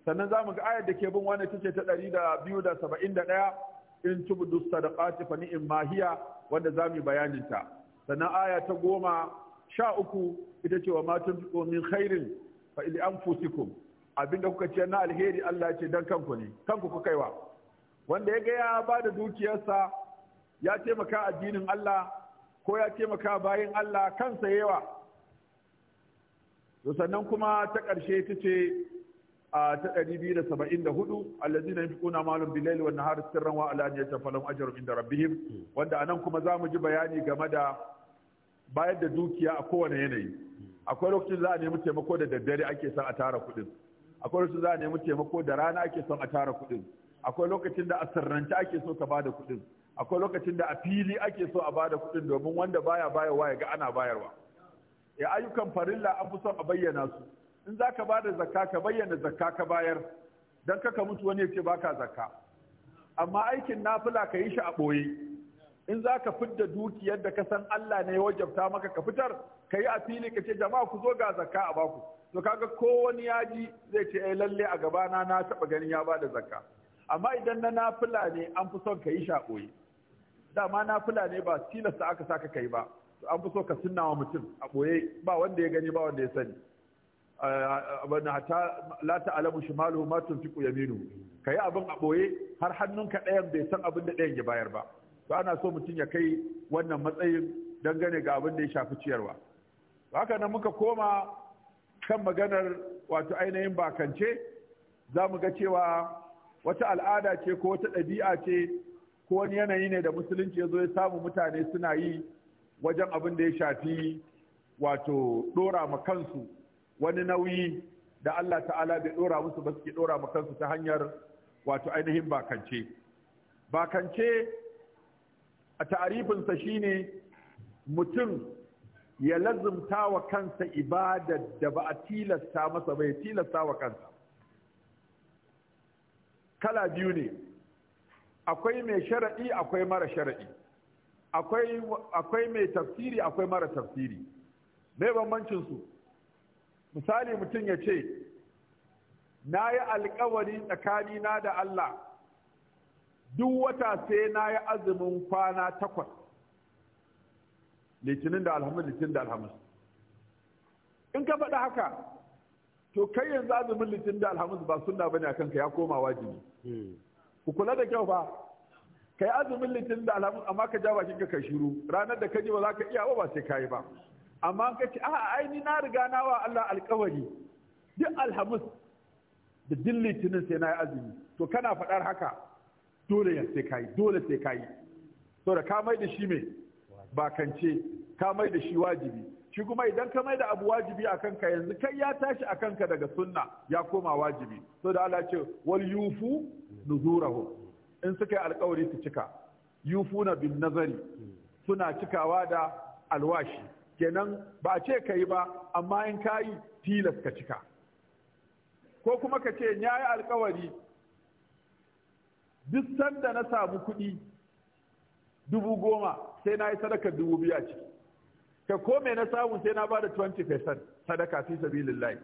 Speaker 1: sannan za mu ga ayar da ke bin wani tace ta ɗari da biyu da saba'in da ɗaya in da sadaqati fa in mahiya wanda za mu bayanin ta sannan aya ta goma sha uku ita ce wa matan tunfiqu min khairin fa abinda kuka ce na alheri Allah ce dan kanku ne kanku ku kaiwa wanda ya ga ya ba da dukiyarsa ya taimaka addinin Allah ko ya taimaka bayin Allah kansa yawa to sannan kuma ta ƙarshe ta ce a ta 274 allazina yunfiquna malum bilayli wan nahari sirran wa alaniyatan falahum ajrun inda rabbihim wanda anan kuma zamu ji bayani game da bayar da dukiya a kowane yanayi akwai lokacin za a nemi taimako da daddare ake son a tara kuɗin akwai wasu za a nemi taimako da rana ake son a tara kuɗin akwai lokacin da a sirrance ake so ka ba da kuɗin akwai lokacin da a fili ake so a ba da kuɗin domin wanda baya bayarwa ya ga ana bayarwa ya e, ayyukan farilla an fi son a bayyana su in za ka ba da zakka ka bayyana zakka ka bayar don kaka mutu wani ya ce ba ka zakka amma aikin nafila ka yi shi a ɓoye in za ka fidda dukiyar da ka san Allah ne ya wajabta maka ka fitar ka yi a fili ka ce jama'a ku zo ga zakka a baku to kaga ko wani ya ji zai ce eh lalle a gabana na taba ganin ya bada zakka amma idan na nafila ne an fi son ka yi shakoyi dama nafila ne ba tilasta aka saka kai ba an fi so ka sunna wa mutum a boye ba wanda ya gani ba wanda ya sani eh, abin hata la ta'lamu shimalu ma tunfiqu Ka kai abin a boye har hannunka ɗayan bai san abin da ɗayan ya bayar ba to ana so mutum ya kai wannan matsayin dangane ga abin da ya shafi ciyarwa haka nan muka koma kan maganar wato ainihin bakance za mu ga cewa wata al'ada ce ko wata ɗabi'a ce ko wani yanayi ne da musulunci ya zo ya samu mutane suna yi wajen abin da ya shafi wato ɗora ma kansu wani nauyi da Allah ta'ala bai ɗora musu ba suke ɗora ma kansu ta hanyar wato ainihin bakance bakance a ta'arifinsa shine mutum ya lazumta wa kansa ibadar da ba a tilasta masa bai tilasta wa kansa kala biyu ne akwai mai shara'i akwai mara shara'i akwai mai tafsiri akwai mara tafsiri mai bambancin misali mutum ya ce na yi alkawari na da Allah duk wata sai na yi azumin kwana takwas litinin da alhamis litinin da alhamis in ka faɗa haka to kai yanzu azumin litinin da alhamis ba sunna bane akan ka ya koma wajibi hmm. ku kula da kyau fa kai azumin litinin da alhamis amma ka ja bakin ka shiru ranar da ka ji ba za ka iya ba sai ka yi ba amma ka ce a'a ai ni na riga na wa Allah alƙawari duk alhamis da din litinin sai na yi azumi to kana faɗar haka dole ya sai ka yi dole sai ka yi saboda ka mai da shi mai bakance ka mai da shi wajibi shi kuma idan ka mai da abu wajibi a kanka yanzu kai ya tashi a kanka daga sunna ya koma wajibi so da Allah ce wal yufu nuzurahu in suka yi alkawari su cika yufuna bin nazari suna cikawa da alwashi kenan ba a ce ka yi ba amma in ka yi tilas ka cika ko kuma ka ce ya yi alkawari duk sanda na samu kuɗi dubu goma sai na yi sadakar dubu biyu a ciki ka ko mai na samu sai na ba da 20% sadaka fi sabilillahi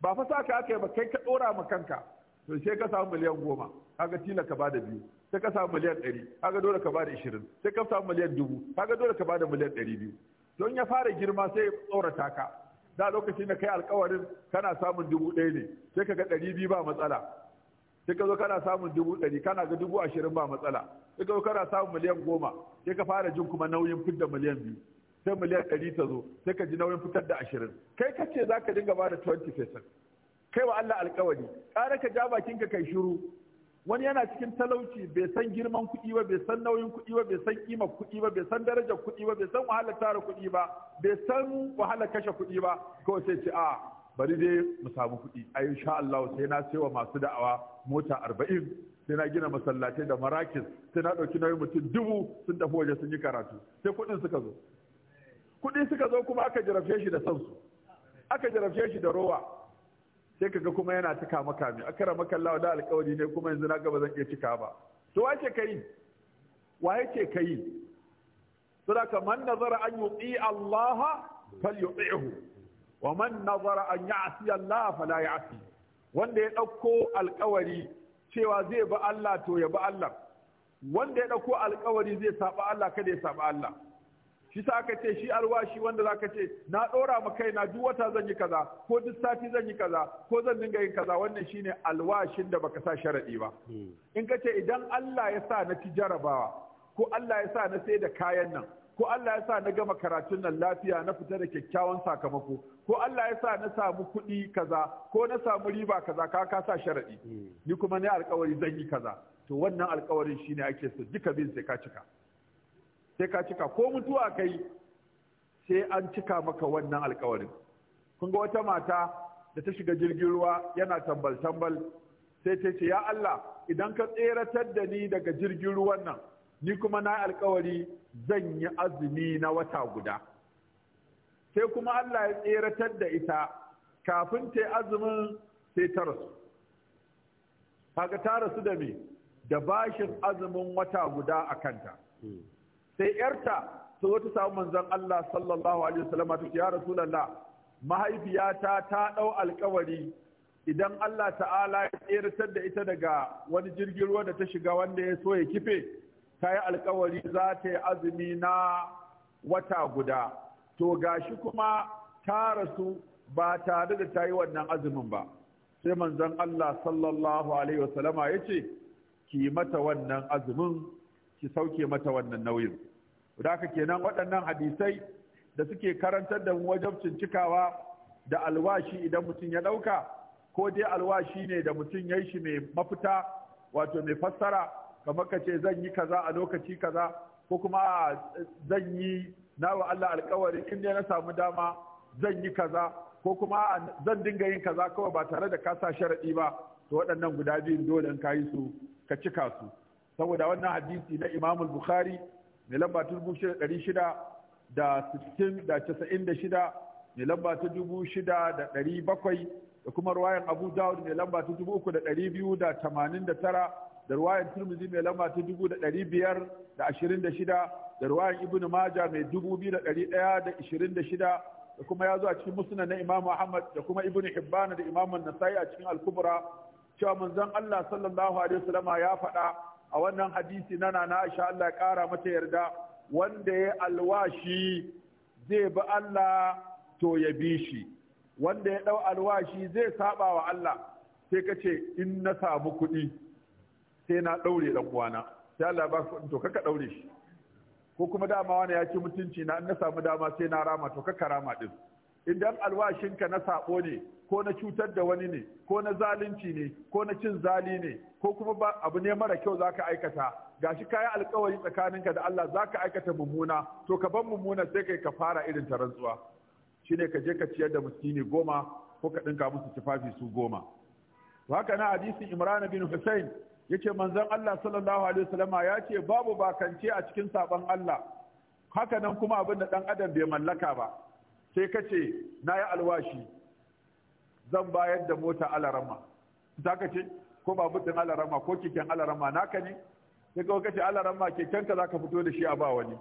Speaker 1: ba fa sa ka aka yi ba kai ka ɗora ma kanka to sai ka samu miliyan goma kaga tila ka bada biyu sai ka samu miliyan ɗari kaga dole ka bada ishirin sai ka samu miliyan dubu kaga dole ka bada miliyan ɗari biyu don ya fara girma sai ya tsorata ka da lokacin da kai alkawarin kana samun dubu ɗaya ne sai ka ga ɗari biyu ba matsala sai ka zo kana samun dubu ɗari kana ga dubu ashirin ba matsala sai ka zo kana samun miliyan goma sai ka fara jin kuma nauyin fitar miliyan biyu sai miliyan ɗari ta zo sai ka ji nauyin fitar da ashirin kai ka ce za ka dinga ba da 20 percent kai wa Allah alkawari ƙara ka ja bakin ka kai shiru wani yana cikin talauci bai san girman kuɗi ba bai san nauyin kuɗi ba bai san ƙimar kuɗi ba bai san darajar kuɗi ba bai san wahalar tara kuɗi ba bai san wahalar kashe kuɗi ba kawai sai ce a bari dai mu samu kuɗi a insha Allah sai na sewa masu da'awa mota arba'in sai na gina masallatai da marakis sai na ɗauki nauyin mutum dubu sun tafi waje sun yi karatu sai kuɗin suka zo kuɗi suka zo kuma aka jarabce shi da sansu aka jarabce shi da rowa sai kaga kuma yana ta kama kame a kara da alkawari ne kuma yanzu na gaba zan iya cika ba to wace kai wa yake kai saboda man nazara an yuti Allah fal falyuti'hu wa man nazara an ya'si Allah fala ya'si wanda ya ɗauko alkawari cewa zai bi Allah to ya bi Allah wanda ya ɗauko alkawari zai saba Allah kada ya saba Allah shi sa aka ce shi alwashi wanda zaka ce na dora ma na duk wata zan yi kaza ko duk sati zan yi kaza ko zan dinga yin kaza wannan shine alwashin da baka sa sharadi ba hmm. in ka ce idan Allah ya sa na ci jarabawa ko Allah ya sa na sai da kayan nan ko Allah ya sa na gama karatun nan lafiya na fita da kyakkyawan sakamako ko Allah ya sa na samu kuɗi kaza ko na samu riba kaza ka ka sa sharaɗi hmm. ni kuma ne alƙawari zan yi kaza to wannan alkawarin shine ake so duka bin sai ka cika sai ka cika ko mutuwa kai sai an cika maka wannan alƙawarin. kun ga wata mata da ta shiga jirgin ruwa yana tambal tambal sai ta ce ya Allah idan ka tseratar da ni daga jirgin ruwan nan ni kuma na alkawari zan yi azumi na wata guda sai kuma Allah ya tseratar da ita kafin ta azumin sai ta rasu Haka ta rasu da me da bashin azumin wata guda a kanta hmm. sai yarta ta wata samu manzon Allah sallallahu alaihi wasallam ta ya rasulullah mahaifiyata ta ɗau alkawari idan Allah ta'ala ya tseratar da ita daga wani jirgin ruwa da ta shiga wanda ya so ya kife ta yi alkawari za ta yi azumi na wata guda to gashi kuma ta rasu ba tare da ta yi wannan azumin ba sai manzon Allah sallallahu alaihi wasallama ya ce ki mata wannan azumin ki sauke mata wannan nauyin da haka kenan waɗannan hadisai da suke karantar da wajen cincikawa da alwashi idan mutum ya ɗauka ko dai alwashi ne da mutum ya yi shi mai mafita wato mai fassara kamar ka ce zan yi kaza a lokaci kaza ko kuma zan yi nawa Allah alkawari in na samu dama zan yi kaza ko kuma zan dinga yin kaza kawai ba tare da ka sa sharadi ba to waɗannan guda biyun dole in ka yi su ka cika su saboda wannan hadisi na Imam Bukhari mai lamba ta dubu shida ɗari shida da sittin da casa'in da shida mai lamba ta dubu shida da ɗari bakwai da kuma ruwayan Abu Dawud mai lamba ta dubu uku da ɗari biyu da tamanin da tara da ruwayar turmizi mai lamba ta dubu da ɗari biyar da ashirin da shida da ruwayar ibn maja mai dubu biyu da ɗari ɗaya da ashirin da shida da kuma ya zo a cikin musnad na imam Muhammad. da kuma Ibn hibbana da imam nasai a cikin al-kubra cewa manzon allah sallallahu alaihi wasallama ya faɗa a wannan hadisi na na aisha allah ya ƙara mata yarda wanda ya alwashi zai bi allah to ya bi shi wanda ya ɗau alwashi zai saɓa wa allah sai ka ce in na samu kuɗi sai na ɗaure dan uwana sai Allah ba su to kaka ɗaure shi ko kuma dama wani ya ci mutunci na in na samu dama sai na rama to kaka rama din idan alwashin ka na sabo ne ko na cutar da wani ne ko na zalunci ne ko na cin zali ne ko kuma ba abu ne mara kyau zaka aikata gashi kayi alkawari tsakaninka da Allah zaka aikata mummuna to ka ban mummuna sai kai ka fara irin ta rantsuwa shine ka je ka ciyar da muskini goma ko ka dinka musu tufafi su goma haka na hadisin Imran bin Hussein yace manzon Allah sallallahu alaihi wasallama yace babu bakance a cikin saban Allah haka nan kuma abin da dan adam bai mallaka ba sai kace nayi alwashi zan bayar da mota alarama zaka ce ko babu din alarama ko keken alarama naka ne sai ka kace alarama keken ka zaka fito da shi a ba wani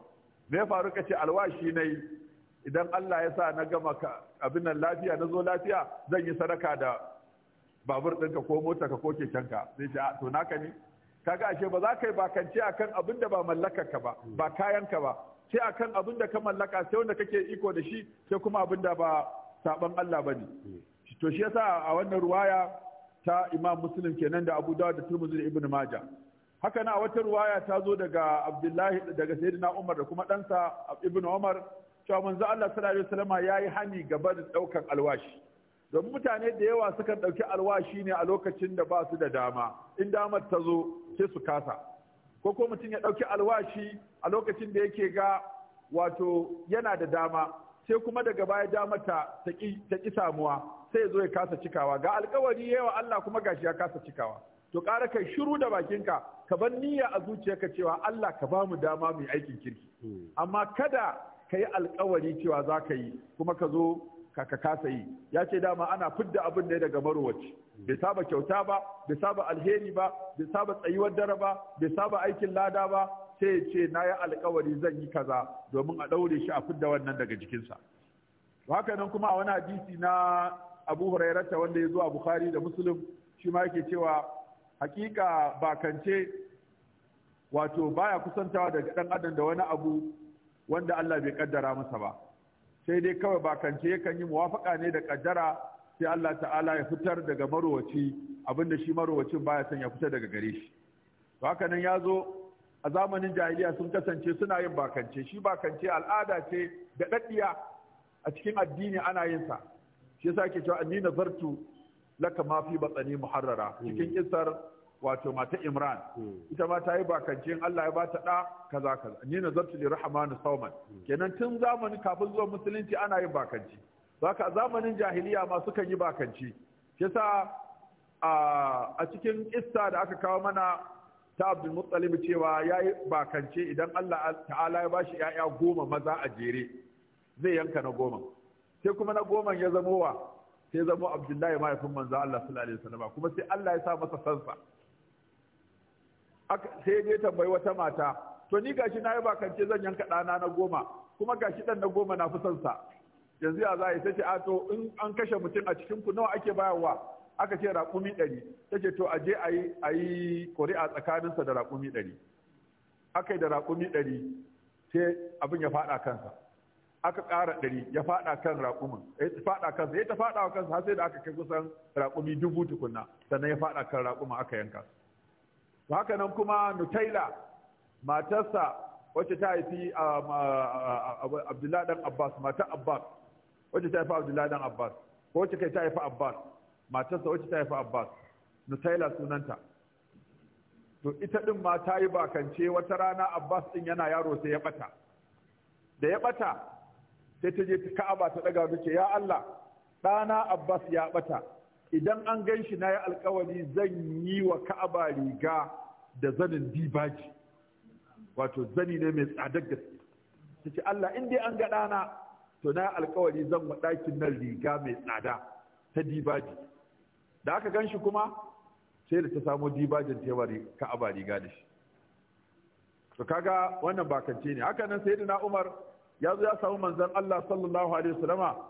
Speaker 1: me ya faru kace alwashi nayi idan Allah ya sa na gama abin nan lafiya na zo lafiya zan yi sadaka da babur ɗinka ko mota ka ko kekenka sai ce to ka ne ga ashe ba za ka yi bakance kan abin da ba ka ba ba kayan ka ba sai kan abin da ka mallaka sai wanda kake iko da shi sai kuma abin da ba saban Allah ba ne. to shi yasa a wannan ruwaya ta Imam Muslim kenan da Abu Dawud da Turmuzi da Ibn maja haka na wata ruwaya ta zo daga Abdullahi daga Sayyidina Umar da kuma ɗansa Ibn Umar cewa manzo Allah sallallahu alaihi wasallam yayi hani gaba da daukan alwashi don mutane da yawa sukan ɗauki alwashi ne a lokacin da ba su da dama in damar ta zo sai su kasa ko ko mutum ya ɗauki alwashi a lokacin da yake ga wato yana da dama sai kuma daga baya damar ta ki samuwa sai zo ya kasa cikawa ga alkawari yawa Allah kuma gashi ya kasa cikawa to ƙara kai shiru da bakinka ka bar niyya a ka cewa Allah ka ba mu dama mu yi aikin kirki hmm. amma kada ka yi alkawari cewa za ka yi kuma ka zo kaka kasa yi ya ce dama ana fidda abin da ya daga marowaci bai saba kyauta ba bai saba alheri ba bai saba tsayuwar dare ba bai saba aikin lada ba sai ya ce na yi alkawari zan yi kaza domin a ɗaure shi a fidda wannan daga jikinsa haka nan kuma a wani hadisi na abu hurairata wanda ya zo a bukhari da muslim shi ma yake cewa hakika bakance wato baya kusantawa daga ɗan adam da wani abu wanda allah bai kaddara masa ba sai dai kawai bakance yakan yi muwafaka ne da kaddara sai Allah ta'ala ya fitar daga marowaci abinda shi marowacin baya son ya fita daga gare shi to haka nan ya zo a zamanin jahiliya sun kasance suna yin bakance shi bakance al'ada ce da daddiya a cikin addini ana yin sa shi yasa ake cewa annina zartu laka fi batsani muharrara hmm. cikin isar. wato mata Imran hmm. ita ma ta yi bakancin Allah ya bata ɗa kaza kaza ni nazartu li rahmanu sauman hmm. kenan tun zamani kafin zuwa musulunci ana yin bakanci zaka zamanin jahiliya ma suka yi bakanci yasa a cikin issa da aka kawo mana ta Abdul Muttalib cewa yayi bakance idan Allah ta'ala ya bashi yaya goma maza a jere zai yanka na goma sai kuma na goma ya zamo wa sai zamo Abdullahi mahaifin manzo Allah sallallahu alaihi wasallam kuma sai Allah ya sa masa sansa sai ya tambayi wata mata to ni gashi na yi bakance zan yanka ɗana na goma kuma gashi ɗan na goma na fi son sa yanzu ya za a yi ce a to in an kashe mutum a cikin ku nawa ake bayarwa aka ce raƙumi ɗari ta ce to a je a yi a yi ƙuri'a tsakaninsa da raƙumi ɗari aka yi da raƙumi ɗari sai abin ya faɗa kansa aka ƙara ɗari ya faɗa kan raƙumin ya faɗa kansa ya ta faɗa kansa har sai da aka kai kusan raƙumi dubu tukunna sannan ya faɗa kan raƙumin aka yanka haka nan kuma nutaila matarsa wacce ta haifi abdullahi dan abbas matar abbas wacce ta haifi abdullahi dan abbas ko wacce kai ta haifi abbas matarsa wacce ta haifi abbas nutaila sunanta to ita din ma ta yi bakance wata rana abbas din yana yaro sai ya bata da ya bata sai ta je ka'aba ta daga duke ya allah ɗana abbas ya bata idan an gan shi na yi alkawari zan yi wa ka'aba riga da zanin dibaji wato zani ne mai tsadar gaske ta ce Allah in dai an ga ɗana to na yi alkawari zan wa ɗakin nan riga mai tsada ta dibaji da aka gan shi kuma sai da ta samo dibajin tewari ka'aba riga da shi to kaga wannan bakance ne haka nan sayyidina Umar ya zo ya samu manzon Allah sallallahu alaihi wasallama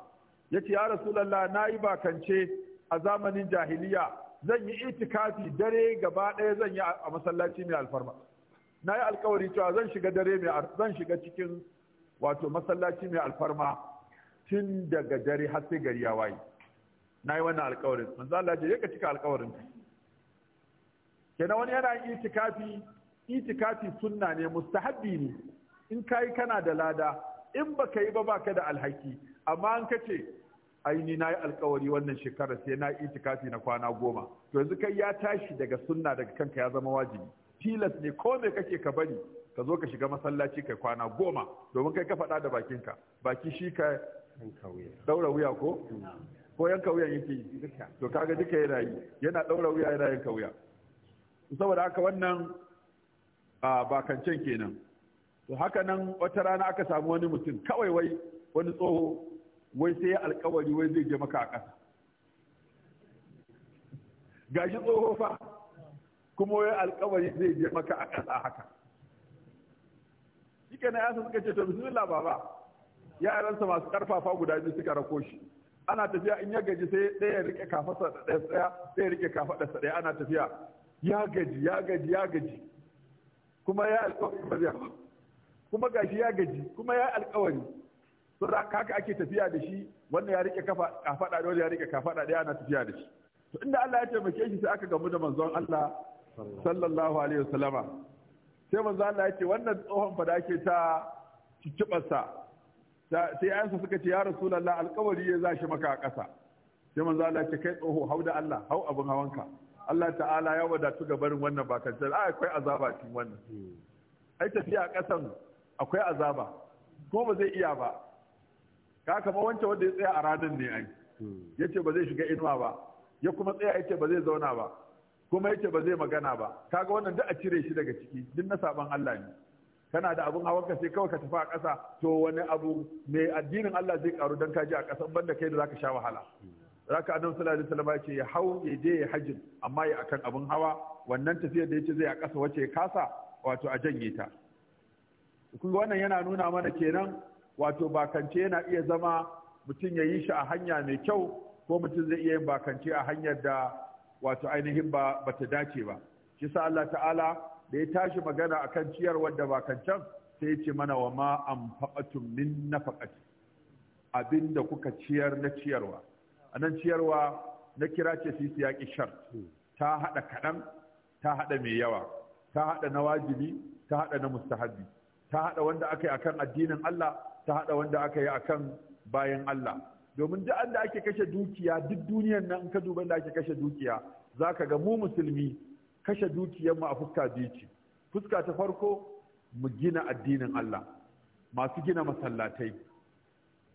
Speaker 1: yace ya rasulullah nayi bakance a zamanin jahiliya zan yi itikafi dare gaba ɗaya zan yi a masallaci mai alfarma na yi alkawari cewa zan shiga dare mai zan shiga cikin wato masallaci mai alfarma tun daga dare har sai gari ya waye na yi wannan alkawarin manzo Allah ya ka cika alkawarin kenan wani yana yin itikafi itikafi sunna ne mustahabbi ne in kai kana da lada in baka yi ba baka da alhaki amma an kace aini na yi alkawari wannan shekara sai na itikafi na kwana goma to yanzu kai ya tashi daga sunna daga kanka ya zama wajibi tilas ne ko me kake ka bari ka zo ka shiga masallaci kai kwana goma domin kai ka faɗa da bakinka baki shi ka daura wuya ko ko yanka wuya yake yi to kaga duka yana yi yana daura wuya yana yanka wuya saboda haka wannan bakancen kenan to haka nan wata rana aka samu wani mutum kawai wai wani tsoho wai sai ya alkawari wai zai je maka a ƙasa gashi tsoho fa kuma wai alkawari zai je maka a ƙasa haka shi kenan yasa suka ce to bismillah baba yaransa masu karfafa guda biyu suka rako shi ana tafiya in ya gaji sai ɗaya rike kafasa da ɗaya tsaya ya rike kafaɗarsa ɗaya ana tafiya ya gaji ya gaji ya gaji kuma ya alkawari ba kuma gashi ya gaji kuma ya alkawari so da haka ake tafiya da shi wannan ya rike kafa fada da wanda ya rike kafa da na tafiya da shi to inda Allah ya taimake shi sai aka gamu da manzon Allah sallallahu alaihi wasallama sai manzon Allah ya ce wannan tsohon fada da ake ta ciccibarsa sai ayansa suka ce ya rasulullah alƙawari ya zashi maka a ƙasa sai manzon Allah ya ce kai tsoho hau da Allah hau abun hawanka Allah ta'ala ya wadatu ga barin wannan bakantar a akwai azaba cikin wannan hmm. ai tafiya a ƙasan akwai azaba ko ba zai iya ba ka kama wancan wanda ya tsaya a ranar ne ai ya ce ba zai shiga inuwa ba ya kuma tsaya ya ce ba zai zauna ba kuma ya ce ba zai magana ba kaga wannan duk a cire shi daga ciki duk na saban Allah ne kana da abun hawan ka sai kawai ka tafi a ƙasa to wani abu mai addinin Allah zai karu dan ka je a ƙasa banda kai da zaka sha wahala zaka annabi sallallahu alaihi wasallam ya ce ya hau ya je ya hajji amma ya akan abun hawa wannan tafiyar da yace zai a ƙasa wace ya kasa wato a janye ta kun wannan yana nuna mana kenan wato bakance yana iya zama mutum ya yi shi a hanya mai kyau ko mutum zai iya yin bakance a hanyar da wato ainihin ba ba ta dace ba shi sa Allah ta'ala da ya tashi magana akan ciyar wanda bakancan sai ce mana wa ma anfaqatum min nafaqati abinda kuka ciyar na ciyarwa nan ciyarwa na kira ce su yi siyaqi shar ta hada kadan ta hada mai yawa ta hada na wajibi ta hada na mustahabi ta haɗa wanda aka yi akan addinin Allah ta haɗa wanda aka yi akan bayan Allah domin duk da ake kashe dukiya duk duniyar nan ka duban da ake kashe dukiya za ka ga mu musulmi kashe dukiyar mu a fuska biyu ce fuska ta farko mu gina addinin Allah masu gina masallatai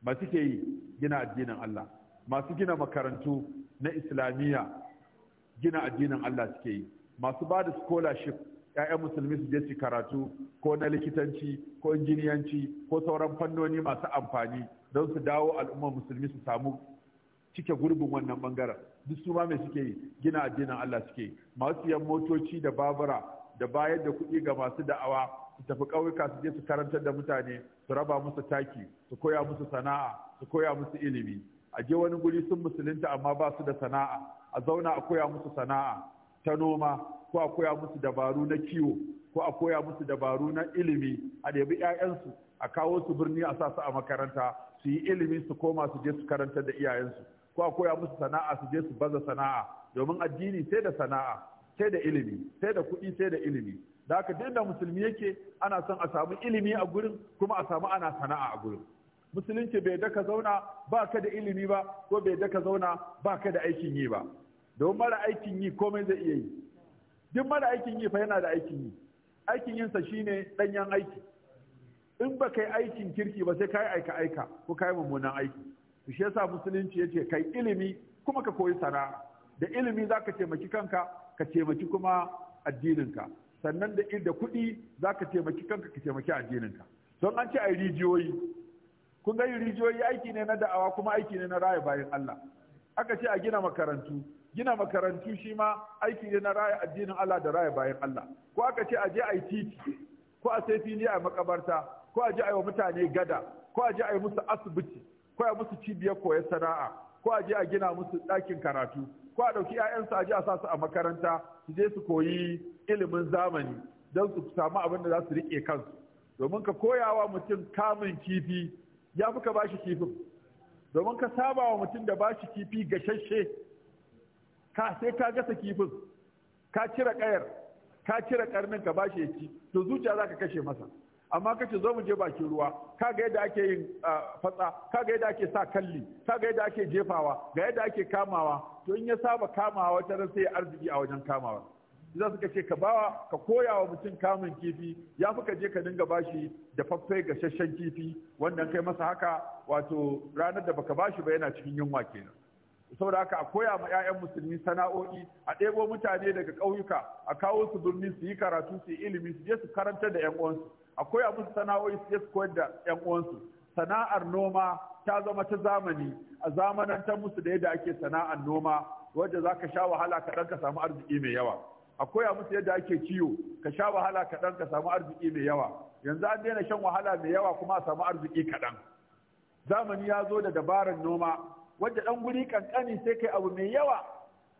Speaker 1: masu ke yi gina addinin Allah masu gina makarantu na islamiyya gina addinin Allah suke yi masu ba da scholarship 'ya'yan musulmi su je su karatu ko na likitanci ko injiniyanci ko sauran fannoni masu amfani don su dawo al'ummar musulmi su samu cike gurbin wannan bangaren duk su ma mai suke yi gina addinin Allah suke yi masu yan motoci da babura da bayar da kuɗi ga masu da'awa su tafi ƙauyuka su je su karantar da mutane su raba musu taki su koya musu sana'a su koya musu ilimi a je wani guri sun musulunta amma ba su da sana'a a zauna a koya musu sana'a ta noma ko a koya musu dabaru na kiwo ko a koya musu dabaru na ilimi a ɗabi 'ya'yansu a kawo su birni a sa su a makaranta su yi ilimi su koma su je su karanta da iyayensu ko a koya musu sana'a su je su baza sana'a domin addini sai da sana'a sai da ilimi sai da kuɗi sai da ilimi da haka da musulmi yake ana son a samu ilimi a gurin kuma a samu ana sana'a a gurin musulunci bai daka zauna ba ka da ilimi ba ko bai daka zauna ba ka da aikin yi ba domin mara aikin yi komai zai iya yi duk mara aikin yi fa yana da aikin yi aikin yinsa shine danyen aiki in ba kai aikin kirki ba sai kai aika aika ko kai mummunan aiki to shi yasa musulunci yace kai ilimi kuma ka koyi sana'a da ilimi zaka taimaki kanka ka taimaki kuma addininka sannan da da kuɗi zaka taimaki kanka ka taimaki addininka don an ce ai rijiyoyi kun ga rijiyoyi aiki ne na da'awa kuma aiki ne na raya bayan Allah aka ce a gina makarantu gina makarantu shi ma aiki ne na raya addinin Allah da raya bayan Allah ko aka ce aje je a yi titi ko a sai fili a makabarta ko a je a yi wa mutane gada ko a je a yi musu asibiti ko a yi musu cibiyar koya sana'a ko a je a gina musu ɗakin karatu ko a ɗauki 'ya'yansu a je a sa su a makaranta su je su koyi ilimin zamani don su samu abin da za su riƙe kansu domin ka koyawa mutum kamun kifi ya fi ka bashi kifin domin ka saba wa mutum da bashi kifi gashashe ka sai ka gasa kifin ka cire kayar ka cire karnin ka bashi ya ci to zuciya za ka kashe masa amma ka ce zo mu je bakin ruwa ka ga yadda ake yin fatsa ka ga yadda ake sa kalli ka ga yadda ake jefawa ga yadda ake kamawa to in ya saba kamawa ta ran sai arziki a wajen kamawa za su ce ka bawa ka koya wa mutum kamun kifi ya fi ka je ka dinga bashi da faffai gashashen kifi wannan kai masa haka wato ranar da baka bashi ba yana cikin yunwa kenan saboda haka a koya ma 'ya'yan musulmi sana'o'i a ɗebo mutane daga ƙauyuka a kawo su birni su yi karatu su yi ilimi su je su karanta da 'yan uwansu a koya musu sana'o'i su je su koyar da 'yan uwansu sana'ar noma ta zama ta zamani a zamanantar musu da yadda ake sana'ar noma wadda za ka sha wahala kaɗan ka samu arziki mai yawa a koya musu yadda ake ciwo, ka sha wahala kaɗan ka samu arziki mai yawa yanzu an daina shan wahala mai yawa kuma a samu arziki kaɗan zamani ya zo da dabarar noma wadda ɗan guri kankani sai kai abu mai yawa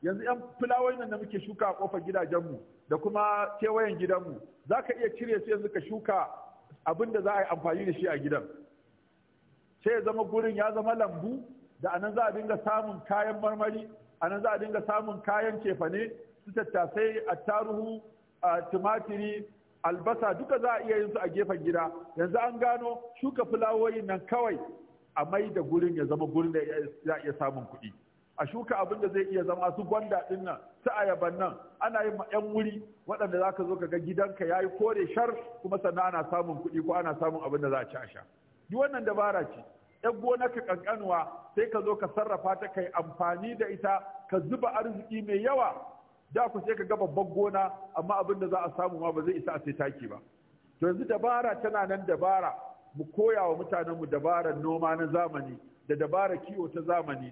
Speaker 1: yanzu yan fulawoyin nan da muke shuka a ƙofar gidajenmu da kuma kewayen gidanmu za ka iya cire su yanzu ka shuka abin da za a yi amfani da shi a gidan sai ya zama gurin ya zama lambu da anan za a dinga samun kayan marmari anan za a dinga samun kayan cefane su tattasai attaruhu tumatiri albasa duka za a iya yin su a gefen gida yanzu an gano shuka fulawoyin nan kawai a mai da gurin ya zama gurin da ya iya samun kuɗi a shuka abin da zai iya zama su gwanda ɗin nan su ayaban nan ana yin yan wuri waɗanda za ka zo ka ga gidanka ya yi kore shar kuma sannan ana samun kuɗi ko ana samun abin da za a ci a sha duk wannan dabara ce yan ka kankanuwa sai ka zo ka sarrafa ta kai amfani da ita ka zuba arziki mai yawa da ku sai ka ga babban gona amma abin da za a samu ma ba zai isa a sai taki ba to yanzu dabara tana nan dabara mu koya wa mutanenmu dabarar noma na zamani da dabarar kiwo ta zamani